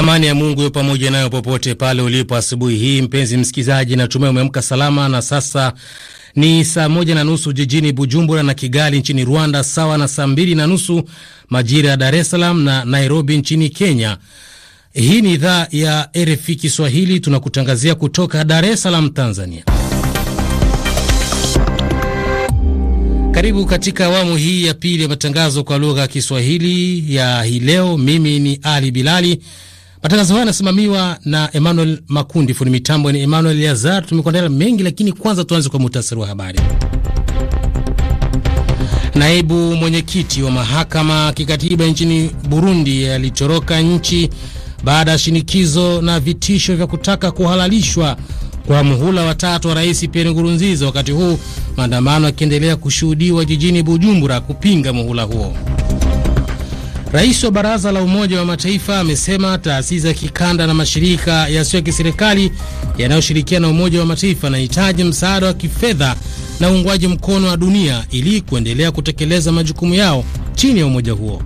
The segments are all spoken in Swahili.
Amani ya Mungu yo pamoja nayo popote pale ulipo. Asubuhi hii mpenzi msikilizaji, natumai umeamka salama, na sasa ni saa moja na nusu jijini Bujumbura na Kigali nchini Rwanda, sawa na saa mbili na nusu majira ya Dar es Salaam na Nairobi nchini Kenya. Hii ni idhaa ya RFI Kiswahili, tunakutangazia kutoka Dar es Salaam, Tanzania. Karibu katika awamu hii ya pili ya matangazo kwa lugha ya Kiswahili ya hii leo. Mimi ni Ali Bilali Matangazo hayo yanasimamiwa na Emmanuel Makundi, fundi mitambo ni Emmanuel Eliazar. Tumekuandalia mengi, lakini kwanza tuanze kwa muhtasari wa habari. Naibu mwenyekiti wa mahakama kikatiba nchini Burundi alitoroka nchi baada ya shinikizo na vitisho vya kutaka kuhalalishwa kwa muhula watatu wa rais Pierre Nkurunziza, wakati huu maandamano yakiendelea kushuhudiwa jijini Bujumbura kupinga muhula huo. Rais wa Baraza la Umoja wa Mataifa amesema taasisi za kikanda na mashirika yasiyo ya kiserikali yanayoshirikiana na Umoja wa Mataifa yanahitaji msaada wa kifedha na uungwaji mkono wa dunia ili kuendelea kutekeleza majukumu yao chini ya umoja huo.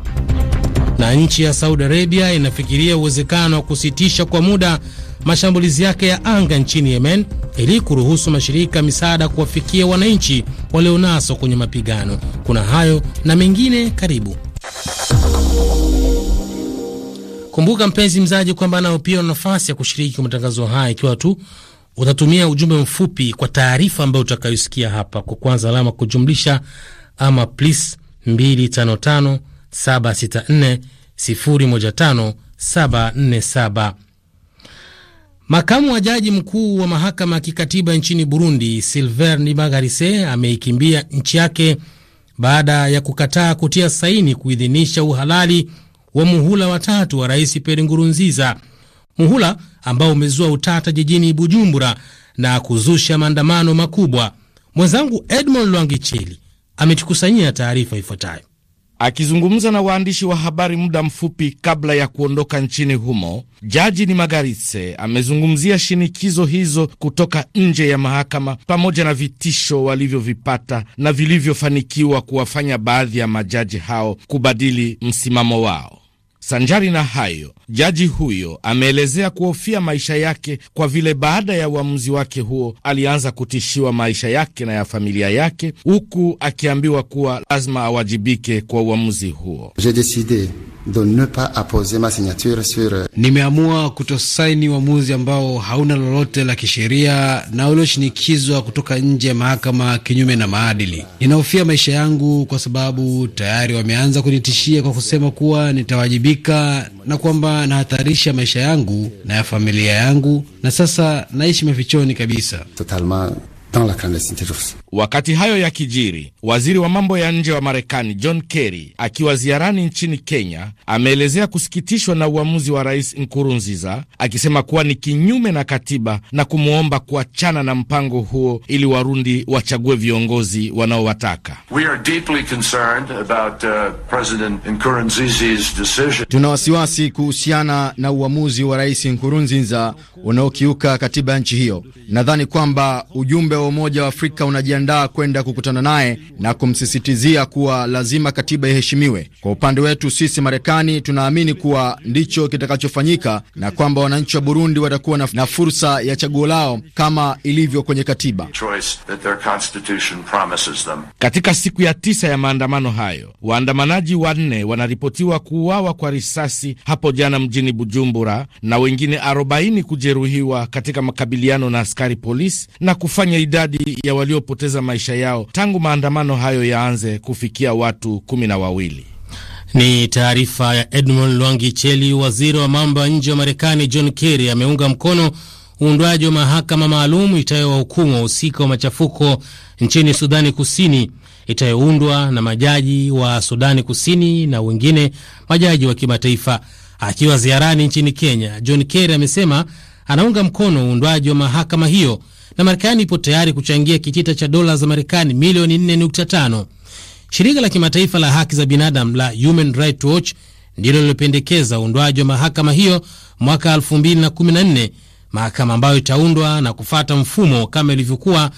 Na nchi ya Saudi Arabia inafikiria uwezekano wa kusitisha kwa muda mashambulizi yake ya anga nchini Yemen ili kuruhusu mashirika ya misaada kuwafikia wananchi walionaswa kwenye mapigano. Kuna hayo na mengine, karibu Kumbuka mpenzi mzaji, kwamba nao pia una nafasi ya kushiriki kwa matangazo haya ikiwa tu utatumia ujumbe mfupi kwa taarifa ambayo utakayosikia hapa, kwa kwanza alama kujumlisha ama plus 255 764 Makamu wa jaji mkuu wa mahakama ya kikatiba nchini Burundi, Silver Nibagarise, ameikimbia nchi yake baada ya kukataa kutia saini kuidhinisha uhalali wa muhula wa tatu wa Rais Pierre Nkurunziza, muhula ambao umezua utata jijini Bujumbura na kuzusha maandamano makubwa. Mwenzangu Edmond Lwangicheli ametukusanyia taarifa ifuatayo. Akizungumza na waandishi wa habari muda mfupi kabla ya kuondoka nchini humo, Jaji ni Magaritse amezungumzia shinikizo hizo kutoka nje ya mahakama pamoja na vitisho walivyovipata na vilivyofanikiwa kuwafanya baadhi ya majaji hao kubadili msimamo wao. Sanjari na hayo, jaji huyo ameelezea kuhofia maisha yake kwa vile baada ya uamuzi wake huo alianza kutishiwa maisha yake na ya familia yake, huku akiambiwa kuwa lazima awajibike kwa uamuzi huo de ne pas apposer ma signature sur. Euh, Nimeamua kutosaini uamuzi ambao hauna lolote la kisheria na ulioshinikizwa kutoka nje ya mahakama kinyume na maadili. Ninahofia maisha yangu kwa sababu tayari wameanza kunitishia kwa kusema kuwa nitawajibika na kwamba nahatarisha maisha yangu na ya familia yangu, na sasa naishi mafichoni kabisa. Totalement dans la Wakati hayo ya kijiri, waziri wa mambo ya nje wa Marekani John Kerry akiwa ziarani nchini Kenya ameelezea kusikitishwa na uamuzi wa Rais Nkurunziza akisema kuwa ni kinyume na katiba na kumwomba kuachana na mpango huo ili Warundi wachague viongozi wanaowataka. Uh, tuna wasiwasi kuhusiana na uamuzi wa Rais Nkurunziza unaokiuka katiba ya nchi hiyo. Nadhani kwamba ujumbe wa Umoja wa Afrika unajia kujiandaa kwenda kukutana naye na kumsisitizia kuwa lazima katiba iheshimiwe. Kwa upande wetu sisi Marekani tunaamini kuwa ndicho kitakachofanyika na kwamba wananchi wa Burundi watakuwa na fursa ya chaguo lao kama ilivyo kwenye katiba. Katika siku ya tisa ya maandamano hayo, waandamanaji wanne wanaripotiwa kuuawa kwa risasi hapo jana mjini Bujumbura na wengine 40 kujeruhiwa katika makabiliano na askari polisi na kufanya idadi ya waliopoteza kupoteza maisha yao tangu maandamano hayo yaanze kufikia watu kumi na wawili. Ni taarifa ya Edmund Lwangi Cheli. Waziri wa mambo ya nje wa Marekani John Kerry ameunga mkono uundwaji wa mahakama maalum itayowahukumu wahusika wa machafuko nchini Sudani Kusini, itayoundwa na majaji wa Sudani Kusini na wengine majaji wa kimataifa. Akiwa ziarani nchini Kenya, John Kerry amesema anaunga mkono uundwaji wa mahakama hiyo na Marekani ipo tayari kuchangia kitita cha dola za Marekani milioni 4.5. Shirika la kimataifa la haki za binadamu la Human Rights Watch ndilo lilopendekeza uundwaji wa mahakama hiyo mwaka 2014, mahakama ambayo itaundwa na kufata mfumo kama ilivyokuwa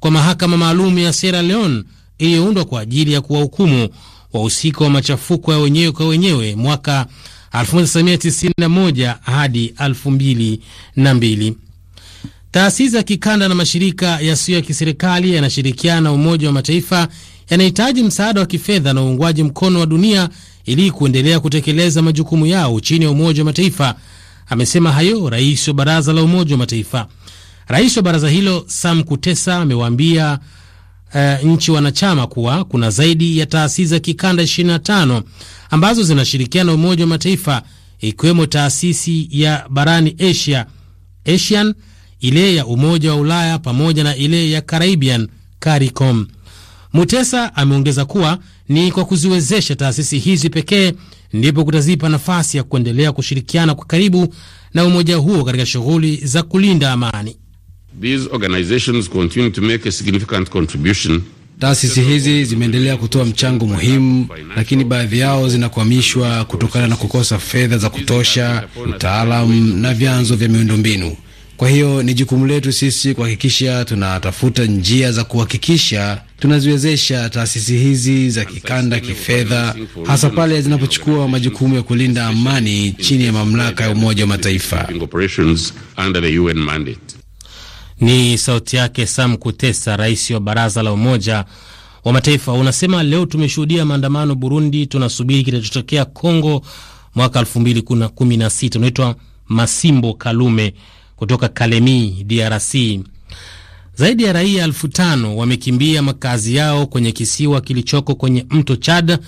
kwa mahakama maalum ya Sierra Leone iliyoundwa kwa ajili ya kuwahukumu wahusika wa machafuko ya wenyewe kwa wenyewe mwaka 1991 hadi 2002. Taasisi za kikanda na mashirika yasiyo ya kiserikali yanashirikiana na Umoja wa Mataifa yanahitaji msaada wa kifedha na uungwaji mkono wa dunia ili kuendelea kutekeleza majukumu yao chini ya Umoja wa Mataifa. Amesema hayo rais wa baraza la Umoja wa Mataifa. Rais wa baraza hilo Sam Kutesa amewaambia uh, nchi wanachama kuwa kuna zaidi ya taasisi za kikanda 25 ambazo zinashirikiana na Umoja wa Mataifa, ikiwemo taasisi ya barani Asia, Asian ile ya Umoja wa Ulaya pamoja na ile ya Caribbean CARICOM. Mutesa ameongeza kuwa ni kwa kuziwezesha taasisi hizi pekee ndipo kutazipa nafasi ya kuendelea kushirikiana kwa karibu na umoja huo katika shughuli za kulinda amani. These organizations continue to make a significant contribution. Taasisi hizi zimeendelea kutoa mchango muhimu, lakini baadhi yao zinakwamishwa kutokana na kukosa fedha za kutosha, mtaalamu na vyanzo vya miundombinu. Kwa hiyo ni jukumu letu sisi kuhakikisha tunatafuta njia za kuhakikisha tunaziwezesha taasisi hizi za kikanda kifedha, hasa pale zinapochukua majukumu ya kulinda amani chini ya mamlaka ya Umoja wa Mataifa. Ni sauti yake Sam Kutesa, rais wa Baraza la Umoja wa Mataifa. Unasema leo tumeshuhudia maandamano Burundi, tunasubiri kitachotokea Kongo mwaka 216 Unaitwa Masimbo Kalume kutoka Kalemi, DRC. Zaidi ya raia elfu tano wamekimbia makazi yao kwenye kisiwa kilichoko kwenye mto Chad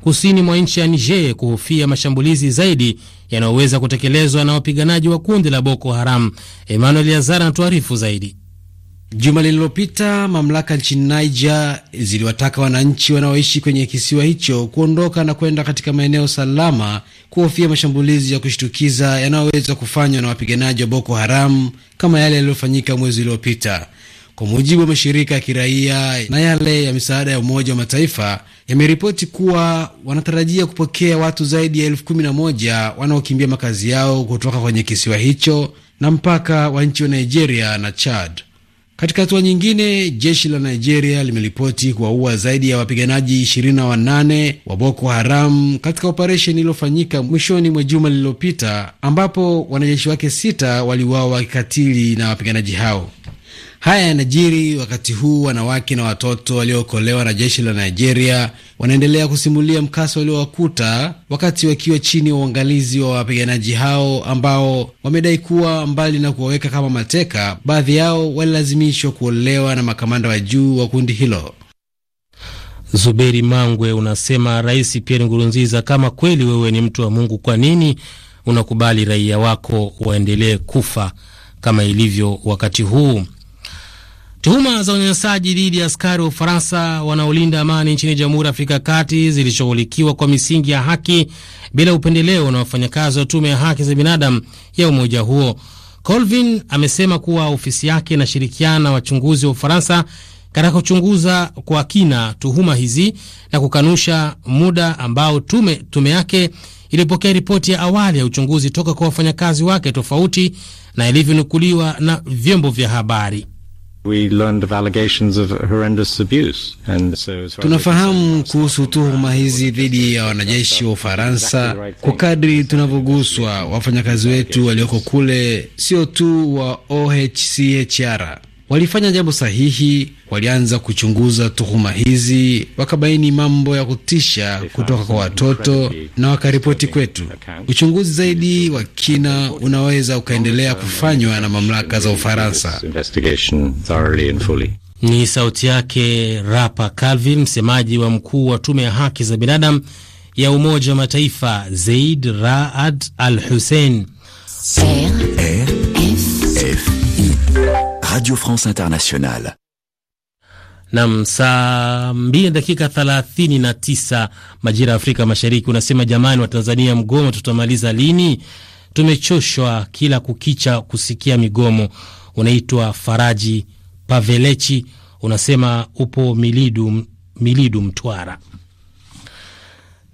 kusini mwa nchi ya Niger kuhofia mashambulizi zaidi yanayoweza kutekelezwa na wapiganaji wa kundi la Boko Haram. Emmanuel azar anatuarifu zaidi. Juma lililopita mamlaka nchini Niger ziliwataka wananchi wanaoishi kwenye kisiwa hicho kuondoka na kwenda katika maeneo salama kuhofia mashambulizi ya kushtukiza yanayoweza kufanywa na wapiganaji wa Boko Haram kama yale yaliyofanyika mwezi uliopita. Kwa mujibu wa mashirika ya kiraia na yale ya misaada ya Umoja wa Mataifa, yameripoti kuwa wanatarajia kupokea watu zaidi ya elfu kumi na moja wanaokimbia makazi yao kutoka kwenye kisiwa hicho na mpaka wa nchi wa Nigeria na Chad. Katika hatua nyingine, jeshi la Nigeria limeripoti kuwaua zaidi ya wapiganaji 28 wa Boko Haram katika operesheni iliyofanyika mwishoni mwa juma lililopita, ambapo wanajeshi wake sita waliuawa kikatili na wapiganaji hao. Haya yanajiri wakati huu wanawake na watoto waliookolewa na jeshi la Nigeria wanaendelea kusimulia mkasa waliowakuta wakati wakiwa chini ya uangalizi wa wapiganaji hao ambao wamedai kuwa mbali na kuwaweka kama mateka, baadhi yao walilazimishwa kuolewa na makamanda wa juu wa kundi hilo. Zuberi Mangwe unasema, Rais Pierre Nkurunziza, kama kweli wewe ni mtu wa Mungu, kwa nini unakubali raia wako waendelee kufa kama ilivyo wakati huu? Tuhuma za unyanyasaji dhidi ya askari wa Ufaransa wanaolinda amani nchini Jamhuri ya Afrika ya Kati zilishughulikiwa kwa misingi ya haki bila upendeleo na wafanyakazi wa tume ya haki za binadamu ya umoja huo. Colvin amesema kuwa ofisi yake inashirikiana na wachunguzi wa Ufaransa katika kuchunguza kwa kina tuhuma hizi na kukanusha muda ambao tume, tume yake ilipokea ripoti ya awali ya uchunguzi toka kwa wafanyakazi wake tofauti na ilivyonukuliwa na vyombo vya habari. Tunafahamu kuhusu tuhuma hizi dhidi ya wanajeshi wa Ufaransa. Kwa kadri tunavyoguswa, wafanyakazi wetu walioko kule, sio tu wa OHCHR walifanya jambo sahihi, walianza kuchunguza tuhuma hizi, wakabaini mambo ya kutisha kutoka kwa watoto na wakaripoti kwetu. Uchunguzi zaidi wa kina unaweza ukaendelea kufanywa na mamlaka za Ufaransa. Ni sauti yake Rapa Calvi, msemaji wa mkuu wa tume ya haki za binadamu ya Umoja wa Mataifa Zaid Raad Al Hussein. Radio France Internationale. Nam, saa mbili dakika thelathini na tisa majira ya Afrika Mashariki. Unasema jamani, wa tanzania mgomo tutamaliza lini? Tumechoshwa kila kukicha kusikia migomo. Unaitwa Faraji Pavelechi, unasema upo Milidu, Milidu, Mtwara.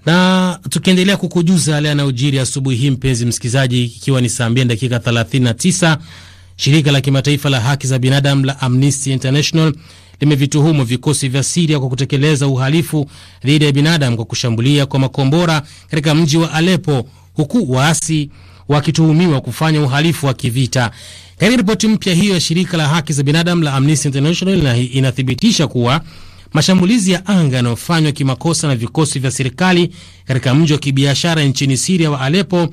Na tukiendelea kukujuza yale yanayojiri asubuhi hii, mpenzi msikilizaji, ikiwa ni saa mbili dakika thelathini na tisa Shirika la kimataifa la haki za binadamu la Amnesty International limevituhumu vikosi vya Siria kwa kutekeleza uhalifu dhidi ya binadamu kwa kushambulia kwa makombora katika mji wa Alepo, huku waasi wakituhumiwa kufanya uhalifu wa kivita. Katika ripoti mpya hiyo ya shirika la haki za binadamu la Amnesty International inathibitisha kuwa mashambulizi ya anga yanayofanywa kimakosa na vikosi vya serikali katika mji wa kibiashara nchini Siria wa Alepo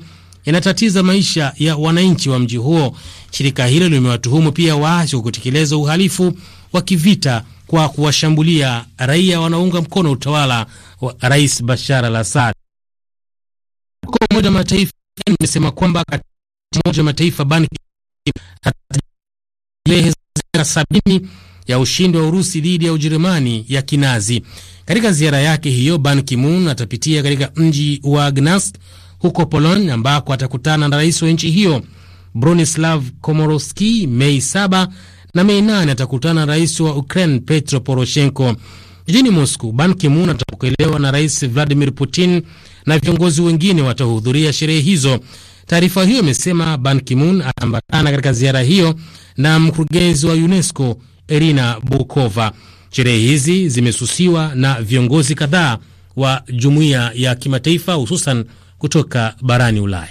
yanatatiza maisha ya wananchi wa mji huo. Shirika hilo limewatuhumu pia waasi kwa kutekeleza uhalifu wa kivita kwa kuwashambulia raia wanaounga mkono utawala wa Rais Bashar al Assad. Umoja wa Mataifa imesema kwamba Umoja wa Mataifa Ban sabini ya ushindi wa Urusi dhidi ya Ujerumani ya Kinazi. Katika ziara yake hiyo, Ban Ki-moon atapitia katika mji wa Gdansk huko Poland ambako atakutana na rais wa nchi hiyo. Bronislav Komorowski Mei 7 na Mei 8 atakutana na rais wa Ukraine Petro Poroshenko. Jijini Moscow, Ban Ki-moon atapokelewa na rais Vladimir Putin na viongozi wengine watahudhuria sherehe hizo. Taarifa hiyo imesema Ban Ki-moon ataambatana katika ziara hiyo na mkurugenzi wa UNESCO Irina Bokova. Sherehe hizi zimesusiwa na viongozi kadhaa wa jumuiya ya kimataifa hususan kutoka barani Ulaya.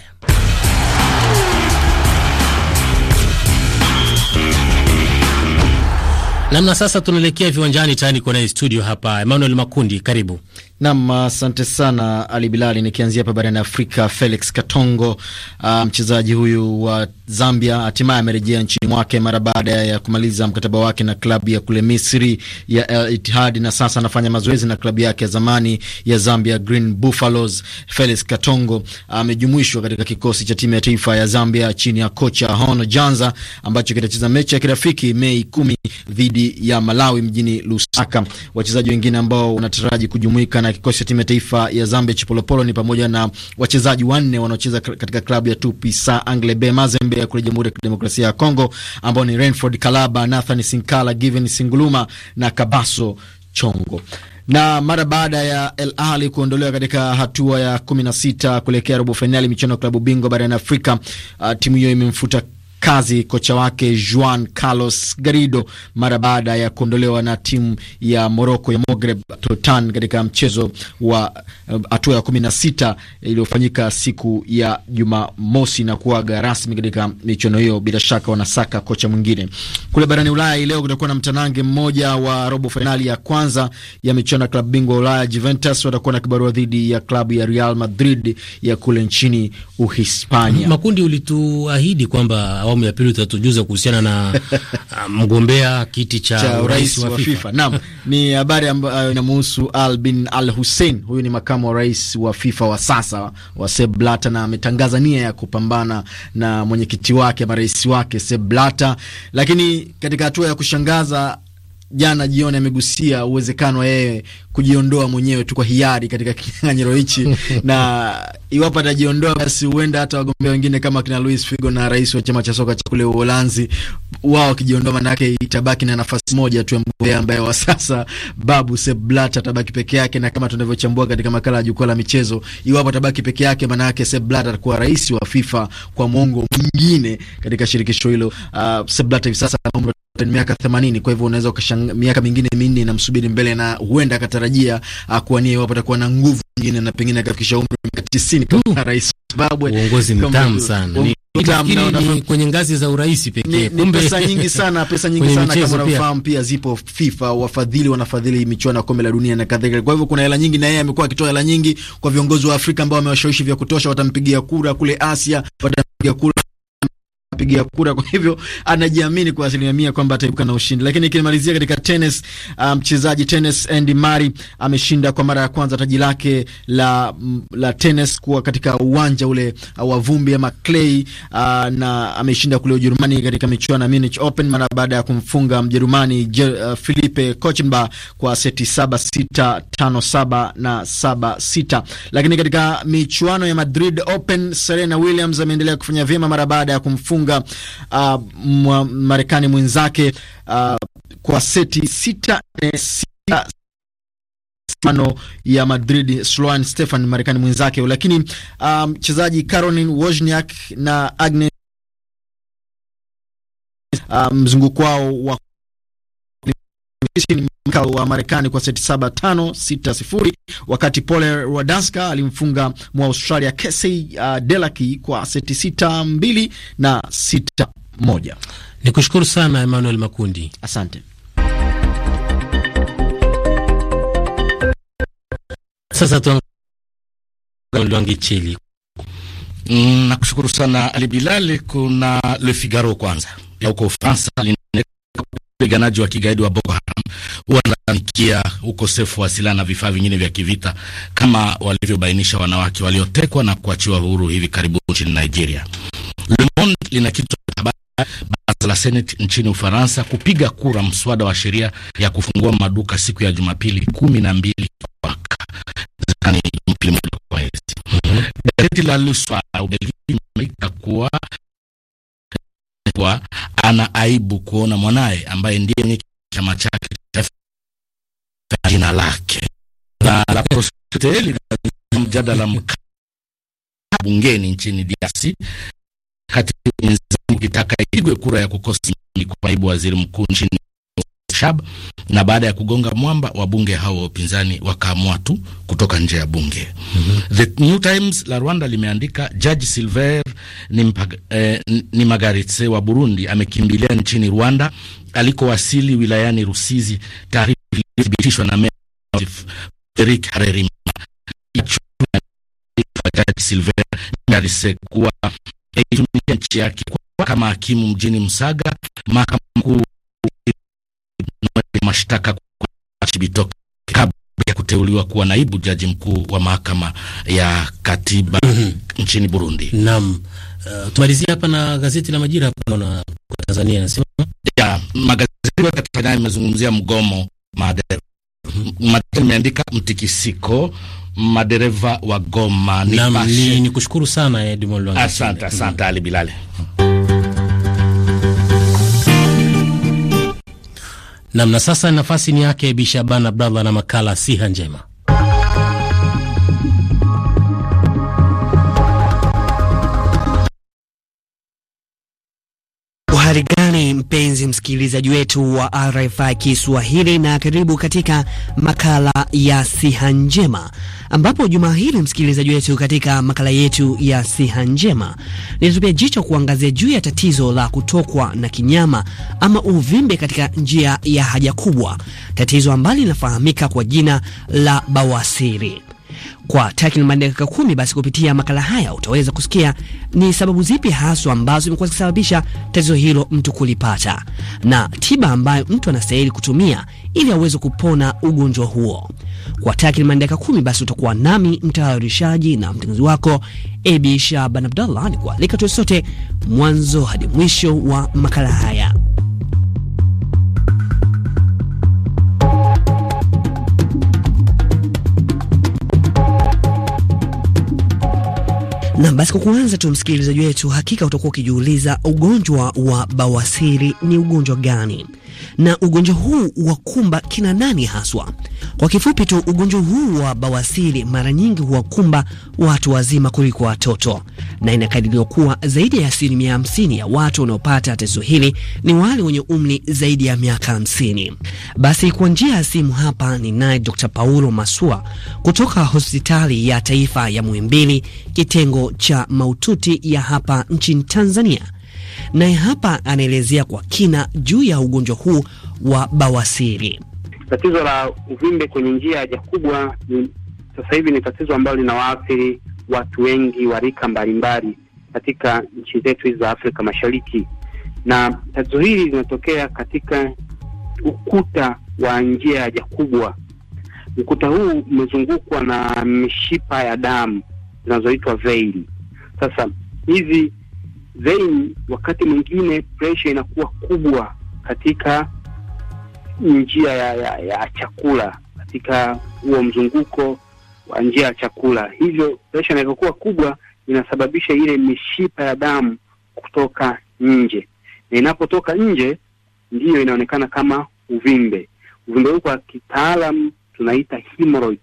Namna sasa tunaelekea viwanjani tayari, kuona studio hapa Emmanuel Makundi, karibu. Nam, asante sana Ali Bilali. Nikianzia hapa barani Afrika, Felix Katongo, uh, mchezaji huyu wa uh, Zambia hatimaye amerejea nchini mwake mara baada ya kumaliza mkataba wake na klabu ya kule Misri ya Al Ittihad, na sasa anafanya mazoezi na klabu yake ya zamani ya Zambia, Green Buffaloes. Felix Katongo amejumuishwa uh, katika kikosi cha timu ya taifa ya Zambia chini ya kocha Hono Janza ambacho kitacheza mechi ya kirafiki Mei kumi dhidi ya Malawi mjini Lusaka. Wachezaji wengine ambao wanataraji kujumuika na na kikosi cha timu ya taifa ya Zambia Chipolopolo ni pamoja na wachezaji wanne wanaocheza katika klabu ya Tupisa Anglebe Mazembe ya kule Jamhuri ya Kidemokrasia ya Kongo ambao ni Renford Kalaba, Nathan Sinkala, Given Singuluma na Kabaso Chongo na mara baada ya El Ahli kuondolewa katika hatua ya kumi na sita kuelekea robo fainali michuano ya klabu bingwa barani Afrika, uh, timu hiyo imemfuta kazi kocha wake Juan Carlos Garrido mara baada ya kuondolewa na timu ya Morocco ya Maghreb Totan katika mchezo wa eh, hatua uh, ya kumi na sita iliyofanyika siku ya Jumamosi na kuaga rasmi katika michuano hiyo. Bila shaka wanasaka kocha mwingine. Kule barani Ulaya leo kutakuwa na mtanange mmoja wa robo fainali ya kwanza ya michuano ya klabu bingwa Ulaya. Juventus watakuwa na kibarua dhidi ya klabu ya Real Madrid ya kule nchini Uhispania. Makundi ulituahidi kwamba awamu ya pili utatujuza kuhusiana na ah, mgombea kiti cha, cha urais wa FIFA, FIFA. Naam, ni habari ambayo inamhusu Al bin Al Hussein. Huyu ni makamu wa rais wa FIFA wa sasa wa Sepp Blatter, na ametangaza nia ya kupambana na mwenyekiti wake rais wake Sepp Blatter, lakini katika hatua ya kushangaza jana jioni amegusia uwezekano wa yeye kujiondoa mwenyewe tu kwa hiari katika kinyang'anyiro hichi na iwapo atajiondoa basi huenda hata wagombea wengine kama kina Luis Figo na rais wa chama cha soka cha kule Uholanzi, wao wakijiondoa, manake itabaki na nafasi moja tu ya mgombea ambaye wa sasa Babu Sepp Blatter atabaki peke yake, na kama tunavyochambua katika makala ya jukwaa la michezo, iwapo atabaki peke yake, manake Sepp Blatter atakuwa rais wa FIFA kwa mwongo mwingine katika shirikisho hilo. Uh, Sepp Blatter hivi sasa ana umri wa miaka 80, kwa hivyo unaweza ukashangaa miaka mingine minne inamsubiri mbele na huenda akataraji wanatarajia ah, kuwania iwapo atakuwa na nguvu nyingine na pengine akafikisha umri wa miaka tisini kama mm. rais Zimbabwe. Uongozi mtamu sana kwenye ngazi za urais pekee. pesa nyingi sana, pesa nyingi sana kama unafahamu pia. Pia zipo FIFA wafadhili wanafadhili michuano ya kombe la dunia na kadhalika. Kwa hivyo kuna hela nyingi, na yeye amekuwa akitoa hela nyingi kwa viongozi wa Afrika ambao wamewashawishi vya kutosha, watampigia kura kule Asia, watampigia kura kupigia kura. Kwa hivyo anajiamini kwa asilimia mia kwamba ataibuka na ushindi. Lakini ikimalizia katika tenis, uh, mchezaji um, tenis Andy Murray ameshinda kwa mara ya kwanza taji lake la, mm, la tenis kuwa katika uwanja ule uh, wa vumbi ama clay uh, na ameshinda kule Ujerumani katika michuano ya Munich Open mara baada ya kumfunga Mjerumani uh, Philippe Kochenba kwa seti saba sita tano saba na saba sita. Lakini katika michuano ya Madrid Open Serena Williams ameendelea kufanya vyema mara baada ya kumfunga kumfunga uh, Marekani mwenzake uh, kwa seti sita eh, sita mano ya Madrid Sloan Stefan Marekani mwenzake, lakini uh, mchezaji um, Caroline Wozniak na Agnes uh, mzunguko um, wao wa ni mka wa Marekani kwa seti saba tano sita sifuri, wakati Pole Radaska alimfunga mwa Australia Casey uh, Delaki kwa seti sita mbili na sita moja. Ni kushukuru sana Emmanuel Makundi, asante. Sasa tuangalie Chile. Mm, nakushukuru sana Ali Bilal. Kuna Le Figaro kwanza ya huko Ufaransa Wapiganaji wa kigaidi wa Boko Haram wanalalamikia ukosefu wa silaha na vifaa vingine vya kivita kama walivyobainisha wanawake waliotekwa na kuachiwa huru hivi karibu nchini Nigeria. Le Monde lina kichwa cha habari baraza la Senate nchini Ufaransa kupiga kura mswada wa sheria ya kufungua maduka siku ya Jumapili kumi na mbili kwa mwaka mhm. Gazeti la Ubelgiji limeandika kuwa kuwa ana aibu kuona mwanaye ambaye ndiye mwenye chama chake jina lake na la hoteli na mjadala mkali bungeni nchini DRC kati ya wenzangu kitaka ipigwe kura ya kukosa kwa aibu waziri mkuu nchini shab na baada ya kugonga mwamba wabunge hao wa upinzani wakaamua tu kutoka nje ya bunge. mm -hmm. The New Times la Rwanda limeandika Judge Silver eh, magaritse wa Burundi amekimbilia nchini Rwanda alikowasili wilayani Rusizi, taarifa iliyothibitishwa na meya Eric Harerimana Silver kuwa aitumia eh, nchi yake kama hakimu mjini Msaga, mahakama kuu mashtaka kwa Chibitoke kabla ya kuteuliwa kuwa naibu jaji mkuu wa mahakama ya katiba mm -hmm. nchini Burundi. Naam. Uh, tumalizie hapa na gazeti la Majira hapa na Tanzania nasema ya magazeti ya Tanzania yamezungumzia mgomo madereva. Mhm. Madereva imeandika mtikisiko madereva wa Goma. Ni, ni kushukuru sana Edmond Lwanga. Asante asante mhm. Ali Bilali. Mhm. Namna sasa nafasi ni yake bishabana Shaban Abdallah na makala siha njema. Hali gani mpenzi msikilizaji wetu wa RFI Kiswahili, na karibu katika makala ya siha njema, ambapo juma hili msikilizaji wetu, katika makala yetu ya siha njema, linatupia jicho kuangazia juu ya tatizo la kutokwa na kinyama ama uvimbe katika njia ya haja kubwa, tatizo ambalo linafahamika kwa jina la bawasiri. Kwa takriban dakika kumi basi, kupitia makala haya utaweza kusikia ni sababu zipi haswa ambazo zimekuwa zikisababisha tatizo hilo mtu kulipata na tiba ambayo mtu anastahili kutumia ili aweze kupona ugonjwa huo. Kwa takriban dakika kumi basi utakuwa nami mtayarishaji na mtengenezi wako Abi Shaban Abdallah, ni kualika tuwe sote mwanzo hadi mwisho wa makala haya. Nam basi, kwa kuanza tu, msikilizaji wetu, hakika utakuwa ukijiuliza ugonjwa wa bawasiri ni ugonjwa gani, na ugonjwa huu wa kumba kina nani haswa? Kwa kifupi tu, ugonjwa huu wa bawasiri mara nyingi huwakumba watu wazima kuliko watoto, na inakadiriwa kuwa zaidi ya asilimia 50 ya watu wanaopata tatizo hili ni wale wenye umri zaidi ya miaka 50. Basi kwa njia ya simu hapa ni naye Dr. Paulo Masua kutoka hospitali ya taifa ya Muhimbili, kitengo cha maututi ya hapa nchini Tanzania. Naye hapa anaelezea kwa kina juu ya ugonjwa huu wa bawasiri. Tatizo la uvimbe kwenye njia ya haja kubwa ni sasa hivi ni tatizo ambalo linawaathiri watu wengi wa rika mbalimbali katika nchi zetu hizi za Afrika Mashariki, na tatizo hili linatokea katika ukuta wa njia ya haja kubwa. Ukuta huu umezungukwa na mishipa ya damu zinazoitwa veini. Sasa hizi veini, wakati mwingine presha inakuwa kubwa katika njia ya, ya, ya chakula katika huo mzunguko wa njia ya chakula. Hivyo presha inavyokuwa kubwa inasababisha ile mishipa ya damu kutoka nje, na inapotoka nje ndiyo inaonekana kama uvimbe. Uvimbe huu kwa kitaalam tunaita hemorrhoids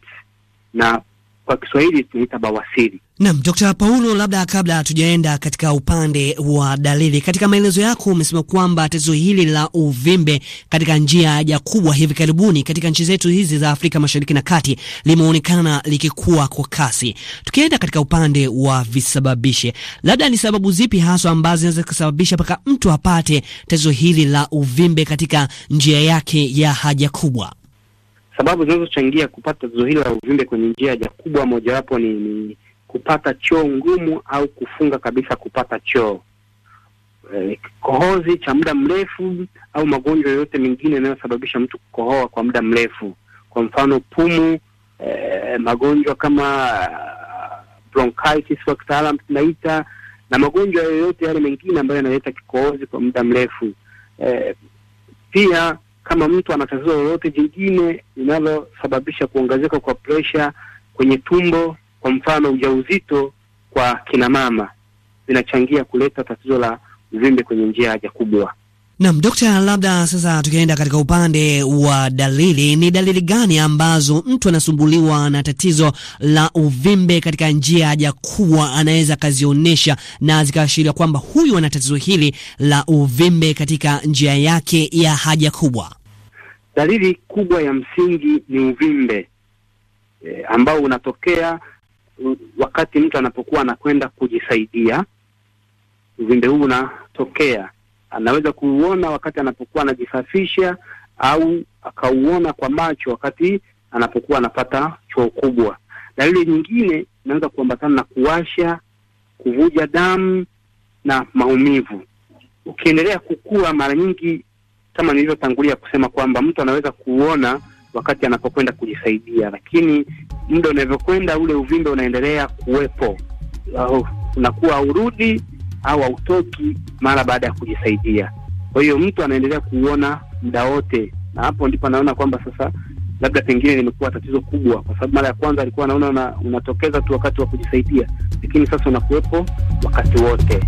na kwa Kiswahili tunaita bawasiri. Nam Dr. Paulo, labda kabla tujaenda katika upande wa dalili, katika maelezo yako umesema kwamba tatizo hili la uvimbe katika njia ya haja kubwa hivi karibuni katika nchi zetu hizi za Afrika Mashariki na Kati limeonekana likikua kwa kasi. Tukienda katika upande wa visababishi, labda ni sababu zipi haswa ambazo zinaweza kusababisha mpaka mtu apate tatizo hili la uvimbe katika njia yake ya haja kubwa? Sababu zinazochangia kupata tatizo hili la uvimbe kwenye njia ya haja kubwa, mojawapo ni, ni kupata choo ngumu au kufunga kabisa kupata choo, eh, kikohozi cha muda mrefu au magonjwa yoyote mengine yanayosababisha mtu kukohoa kwa muda mrefu, kwa mfano pumu, eh, magonjwa kama uh, bronchitis kwa kitaalam tunaita, na magonjwa yoyote yale mengine ambayo yanaleta kikohozi kwa muda mrefu. Eh, pia kama mtu ana tatizo lolote jingine linalosababisha kuongezeka kwa presha kwenye tumbo kwa mfano, ujauzito kwa kina mama zinachangia kuleta tatizo la uvimbe kwenye njia haja kubwa. Naam, Dokta, labda sasa tukienda katika upande wa dalili, ni dalili gani ambazo mtu anasumbuliwa na tatizo la uvimbe katika njia haja kubwa anaweza akazionyesha na zikaashiria kwamba huyu ana tatizo hili la uvimbe katika njia yake ya haja kubwa? Dalili kubwa ya msingi ni uvimbe e, ambao unatokea wakati mtu anapokuwa anakwenda kujisaidia, uvimbe huu unatokea. Anaweza kuuona wakati anapokuwa anajisafisha au akauona kwa macho wakati anapokuwa anapata choo kubwa. Dalili nyingine inaweza kuambatana na kuwasha, kuvuja damu na maumivu. Ukiendelea kukua, mara nyingi kama nilivyotangulia kusema kwamba mtu anaweza kuona wakati anapokwenda kujisaidia, lakini muda unavyokwenda ule uvimbe unaendelea kuwepo, unakuwa urudi au autoki mara baada ya kujisaidia. Kwa hiyo mtu anaendelea kuuona muda wote, na hapo ndipo anaona kwamba sasa labda pengine limekuwa tatizo kubwa, kwa sababu mara ya kwanza alikuwa anaona una, unatokeza tu wakati wa kujisaidia, lakini sasa unakuwepo wakati wote.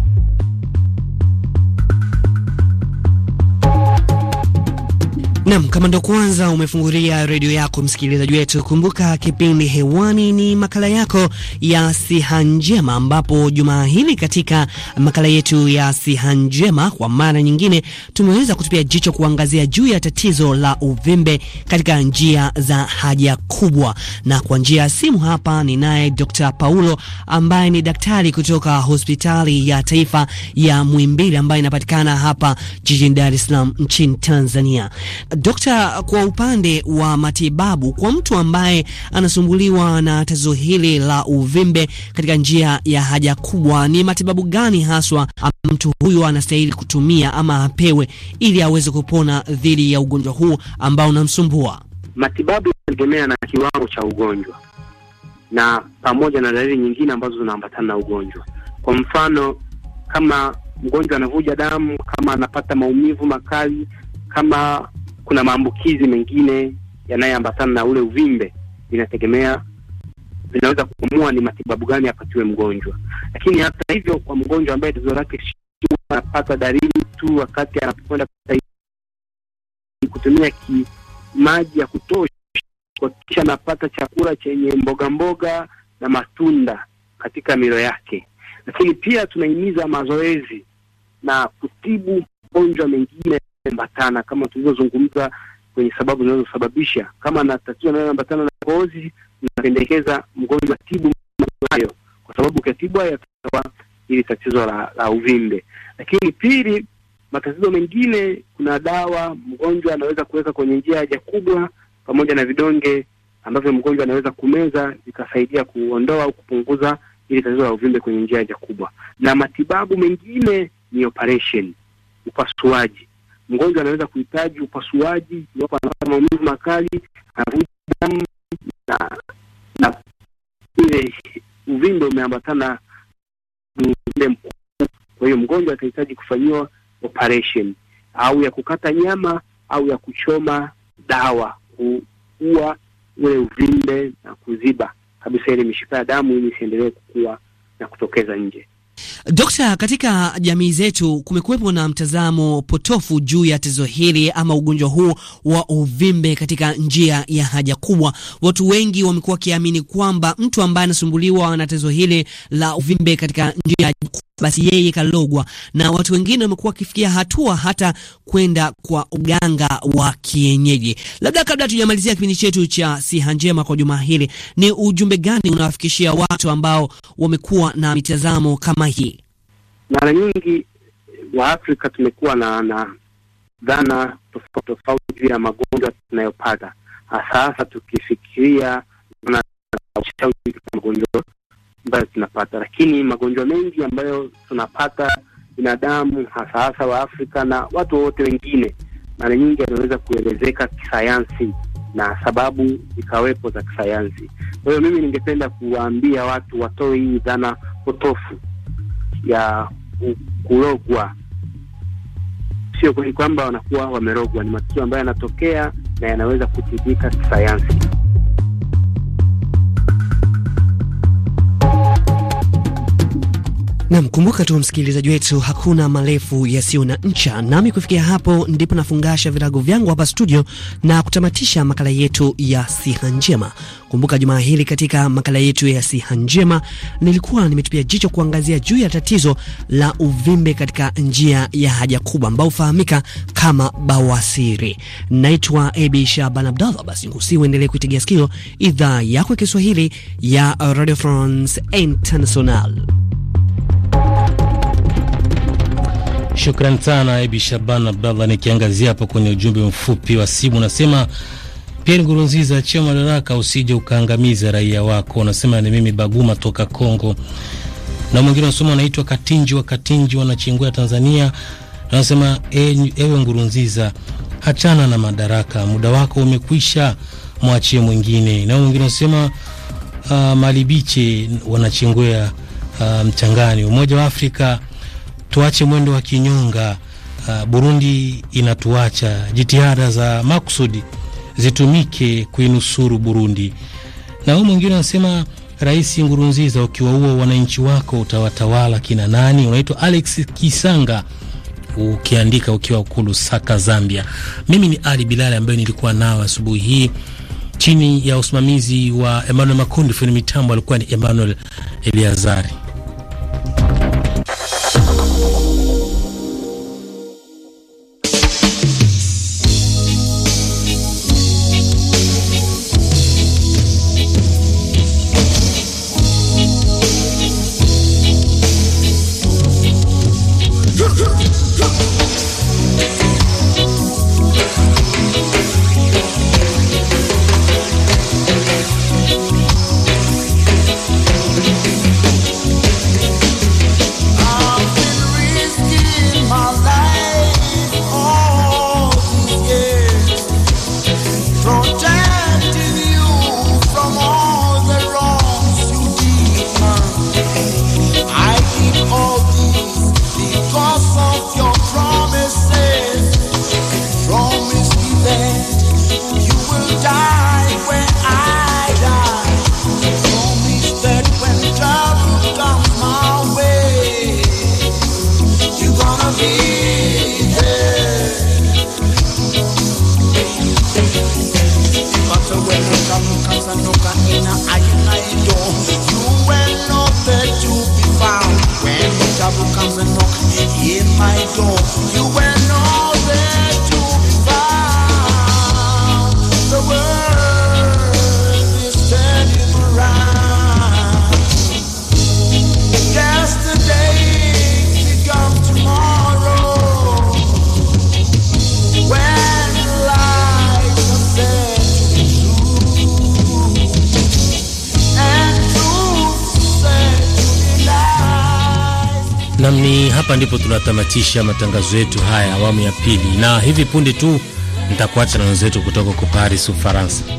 Nam, kama ndo kwanza umefunguria redio yako, msikilizaji wetu, kumbuka kipindi hewani ni makala yako ya siha njema, ambapo jumaa hili katika makala yetu ya siha njema, kwa mara nyingine tumeweza kutupia jicho kuangazia juu ya tatizo la uvimbe katika njia za haja kubwa, na kwa njia ya simu hapa ninaye Dr. Paulo ambaye ni daktari kutoka hospitali ya taifa ya Muhimbili ambayo inapatikana hapa jijini Dar es Salaam nchini Tanzania. Dokta, kwa upande wa matibabu kwa mtu ambaye anasumbuliwa na tatizo hili la uvimbe katika njia ya haja kubwa, ni matibabu gani haswa mtu huyu anastahili kutumia ama apewe ili aweze kupona dhidi ya ugonjwa huu ambao unamsumbua? Matibabu yanategemea na kiwango cha ugonjwa na pamoja na dalili nyingine ambazo zinaambatana na ugonjwa. Kwa mfano, kama mgonjwa anavuja damu, kama anapata maumivu makali, kama kuna maambukizi mengine yanayoambatana na ule uvimbe, vinategemea vinaweza kuamua ni matibabu gani apatiwe mgonjwa. Lakini hata hivyo, kwa mgonjwa ambaye tatizo lake anapata dalili tu wakati anapokwenda kutumia ki maji ya kutosha, kuhakikisha anapata chakula chenye mboga mboga na matunda katika milo yake. Lakini pia tunahimiza mazoezi na kutibu magonjwa mengine ambatana kama tulivyozungumza kwenye sababu zinazosababisha. Kama na tatizo linaloambatana na kozi, napendekeza mgonjwa tibu hayo, kwa sababu ukatibu haya yatatoa ili tatizo la, la uvimbe. Lakini pili, matatizo mengine, kuna dawa mgonjwa anaweza kuweka kwenye njia haja kubwa pamoja na vidonge ambavyo mgonjwa anaweza kumeza vikasaidia kuondoa au kupunguza ili tatizo la uvimbe kwenye njia haja kubwa. Na matibabu mengine ni operation, upasuaji mgonjwa anaweza kuhitaji upasuaji iwapo anapata maumivu makali, anavuja damu na, na ile uvimbe umeambatana ule mkuu. Kwa hiyo mgonjwa atahitaji kufanyiwa operation au ya kukata nyama au ya kuchoma dawa kuua ule uvimbe na kuziba kabisa ile mishipa ya damu ili isiendelee kukua na kutokeza nje. Dokta, katika jamii zetu kumekuwepo na mtazamo potofu juu ya tatizo hili ama ugonjwa huu wa uvimbe katika njia ya haja kubwa. Watu wengi wamekuwa wakiamini kwamba mtu ambaye anasumbuliwa na tatizo hili la uvimbe katika njia ya haja basi yeye kalogwa na watu wengine wamekuwa wakifikia hatua hata kwenda kwa uganga wa kienyeji. Labda kabla tujamalizia kipindi chetu cha siha njema kwa juma hili, ni ujumbe gani unawafikishia watu ambao wamekuwa na mitazamo kama hii? Mara nyingi wa Afrika tumekuwa na, na dhana tofauti tofauti ya magonjwa tunayopata, hasa hasa tukifikiria magonjwa ambayo tunapata, lakini magonjwa mengi ambayo tunapata binadamu hasa hasa wa Afrika na watu wote wengine, mara nyingi yanaweza kuelezeka kisayansi na sababu zikawepo za kisayansi. Kwa hiyo mimi ningependa kuwaambia watu watoe hii dhana potofu ya kurogwa. Sio kweli kwamba wanakuwa wamerogwa, ni matukio ambayo yanatokea na yanaweza kutibika kisayansi. Nam, kumbuka tu msikilizaji wetu, hakuna marefu yasiyo na ncha. Nami kufikia hapo ndipo nafungasha virago vyangu hapa studio na kutamatisha makala yetu ya siha njema. Kumbuka jumaa hili katika makala yetu ya siha njema nilikuwa nimetupia jicho kuangazia juu ya tatizo la uvimbe katika njia ya haja kubwa ambao hufahamika kama bawasiri. Naitwa ab Shaban Abdallah. Basi uendelee kuitegea sikio idhaa yako ya Kiswahili ya Radio France International. Shukran sana Ebi Shaban Abdallah. Nikiangazia hapo kwenye ujumbe mfupi wa simu, nasema Pierre Nkurunziza, achia madaraka, usije ukaangamiza raia wako. Nasema ni mimi Baguma toka Kongo, na mwingine anasema anaitwa Katinji wa Katinji wanachingua Tanzania, na nasema e, ewe Nkurunziza, achana na madaraka, muda wako umekwisha, mwachie mwingine. Na mwingine anasema uh, ah, malibiche wanachingua uh, ah, mchangani. Umoja wa Afrika tuache mwendo wa kinyonga. Uh, Burundi inatuacha. Jitihada za makusudi zitumike kuinusuru Burundi. Na huyu mwingine anasema, Rais Ngurunziza, ukiwaua wananchi wako utawatawala kina nani? Unaitwa Alex Kisanga ukiandika ukiwa Ukulu Saka, Zambia. Mimi ni Ali Bilali ambaye nilikuwa nao asubuhi hii chini ya usimamizi wa Emmanuel Makundi. Fundi mitambo alikuwa ni Emmanuel Eliazari. You hapa ndipo tunatamatisha matangazo yetu haya awamu ya pili, na hivi punde tu nitakuacha na wenzetu kutoka kwa Paris, Ufaransa.